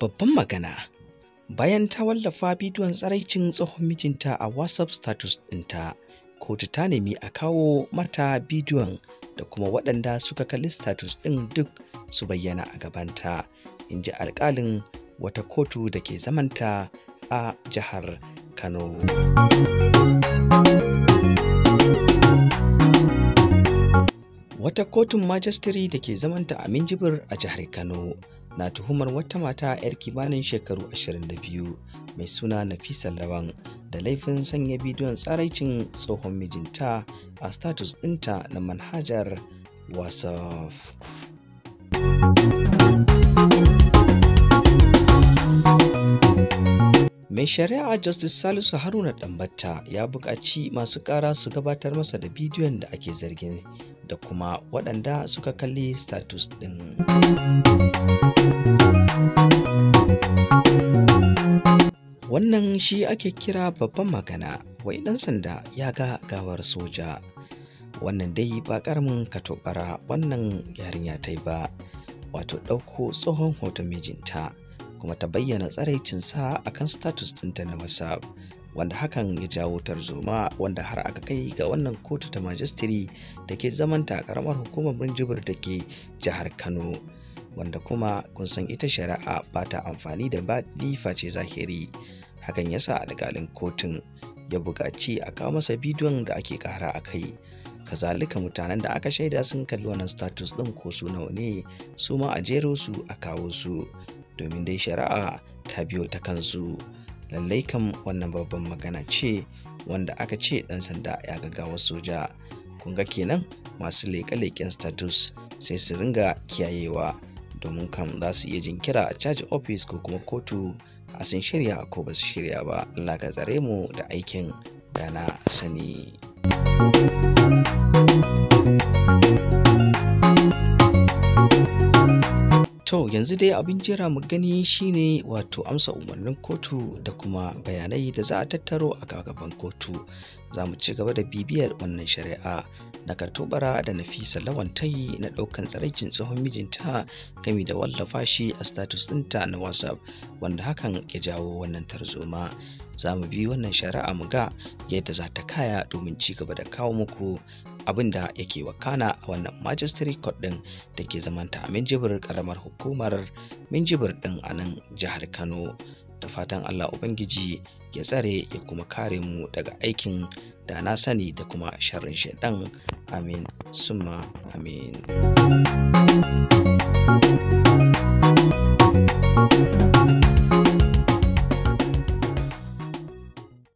babban magana bayan ta wallafa bidiyon tsaraicin tsohon mijinta a whatsapp status ɗinta kotu ta nemi a kawo mata bidiyon da kuma waɗanda suka kalli status ɗin duk su bayyana a gabanta in ji alƙalin wata kotu da ke zamanta a jihar kano wata kotun Majistiri da ke zamanta a minjibir a jihar kano na tuhumar wata mata 'yar kimanin shekaru 22 mai suna Nafisa Lawan da laifin sanya bidiyon tsaraicin tsohon mijinta a status ɗinta na manhajar Wasaf. mai shari'a justice salisu haruna dambatta ya buƙaci masu ƙara su gabatar masa da bidiyon da ake zargin da kuma waɗanda suka kalli status ɗin wannan shi ake kira babban magana wai ɗan sanda ya ga gawar soja wannan dai ba karamin katobara wannan yarinya ta ba wato ɗauko tsohon hoton mijinta kuma ta bayyana tsaraicinsa a kan status ɗinta na whatsapp wanda hakan ya jawo tarzoma wanda har aka kai ga wannan kotu ta majistiri da ke zamanta a karamar hukumar minjibir da ke jihar kano wanda kuma kun san ita shari'a ba ta amfani da baɗi face zahiri hakan yasa alƙalin kotun ya buƙaci a kawo masa bidiyon da ake ƙara a kai kazalika mutanen da aka shaida sun kalli wannan status ɗin ko su nawa ne su ma a jero su a kawo su domin dai shari'a ta biyo ta kansu lallai kan wannan babban magana ce wanda aka ce ɗan sanda ya gagawa soja kun ga kenan masu leƙe-leƙen status sai su ringa kiyayewa domin kam za su iya jinkira a caji ofis ko kuma kotu a sun shirya ko ba su shirya ba Allah ka tsare mu da aikin da na sani. To yanzu dai abin jira mu gani shine wato amsa umarnin kotu da kuma bayanai da za a tattaro a gaban kotu. Za mu ci gaba da bibiyar wannan shari'a na kartobara da nafisa lawan tayi na ɗaukan tsaraicin tsohon mijinta gami da wallafa shi a status ɗinta na WhatsApp wanda hakan ya jawo wannan tarzoma. Za mu bi wannan shari'a mu ga yadda za ta kaya domin ci gaba da kawo muku abin da yake wakana a wannan magistrate court din da ke zamanta a minjibir karamar hukumar minjibir din a nan jihar kano da fatan allah ubangiji ya tsare ya kuma kare mu daga aikin da na sani da kuma sharrin shaidan amin summa amin